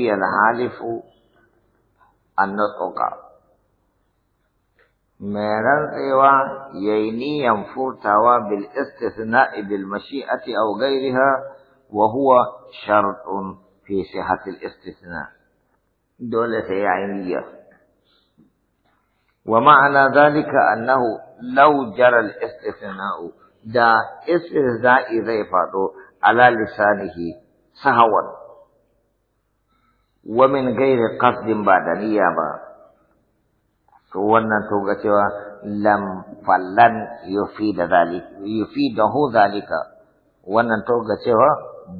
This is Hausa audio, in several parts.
ينوي الحالف أن ميران ما رنسوا ييني ينفرتوا بالاستثناء بالمشيئة أو غيرها وهو شرط في صحة الاستثناء دولة عينية ومعنى ذلك أنه لو جرى الاستثناء دا استثناء ذي على لسانه سهوا wa min gairi qasdin ba da ba to wannan to ga cewa lam fallan yufi da zalika wannan to ga cewa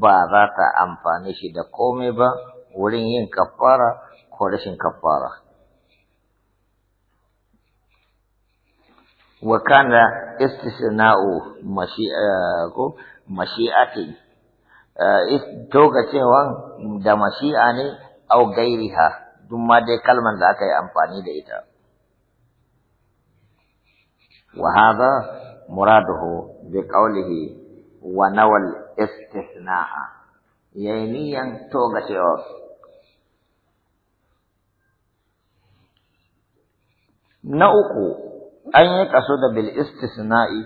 ba za ta amfani shi da komai ba wurin yin kafara ko rashin kafara wa kana istisna'u mashi'ako eh, mashi'ati eh, to ga cewa da mashi'a ne au gairiha duk ma dai kalman da aka yi amfani da ita wa hadha muraduhu bi qawlihi wa nawal istithna'a yayniyan to ga cewa na uku an yi kaso da bil istisna'i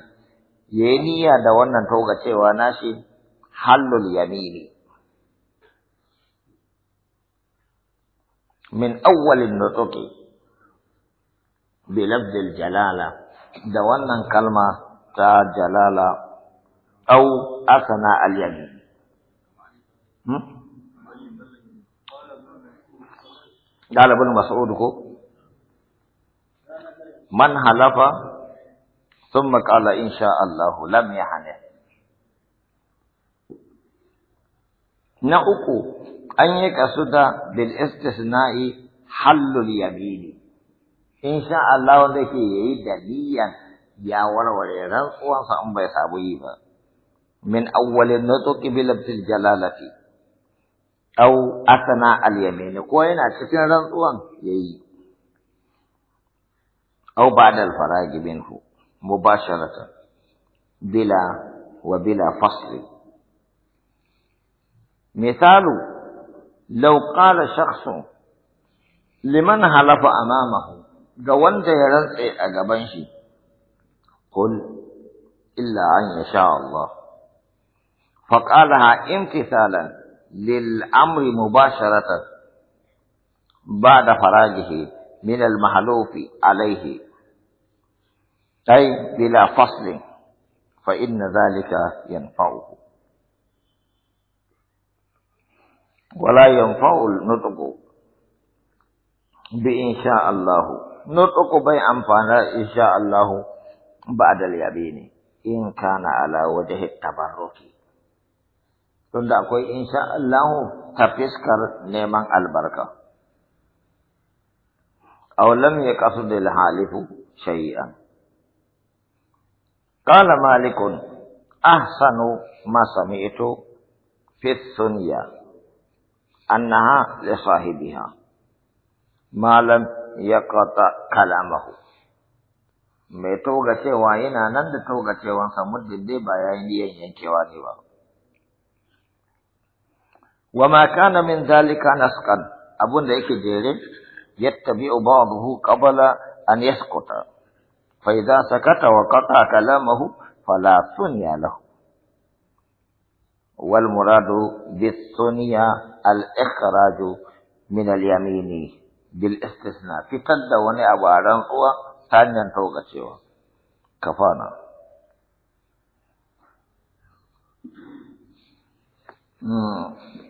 yayi niyya da wannan toga cewa nashi hallul yamini من أول النطق بلفظ الجلالة دوانا كلمة تا جلالة أو أثناء اليد قال ابن مسعود من حلف ثم قال إن شاء الله لم يحنث na an yi kasuda bil istisna'i hallul yamini in sha Allah wanda ke yayi daliyan ya warware sa, an bai sabu yi ba min awwalin nutqi bil jalalati aw asana al yamin ko yana cikin rantsuwan yayi aw ba'da al farag minhu mubasharatan bila wa bila fasli misalu لو قال شخص لمن حلف أمامه جوان تيرز أجابنشي قل إلا أن يشاء الله فقالها امتثالا للأمر مباشرة بعد فراجه من المحلوف عليه أي بلا فصل فإن ذلك ينفعه ولا ينفع النطق بإن شاء الله نطق بي أنفانا إن شاء الله بعد اليمين إن كان على وجه التبرك tunda akwai insha Allah ta fiskar neman albarka aw lam yaqsud al halifu shay'an qala malikun ahsanu ma sami'tu fi sunya انها لصاحبها ما لم يقطع كلامه mai toga cewa yana nan da toga cewansa muddin dai ba yayin niyan yankewa ne ba ma kana min zalika nasqan abun da yake jere yattabi'u ba'dahu qabla an yasquta fa idza sakata wa qata kalamahu fala sunya lahu wal muradu bis sunya al-ikhraju min al-yamini bil istisna fitar da wani abu a rantsuwa ta hanyar taukacewa kafana Hmm.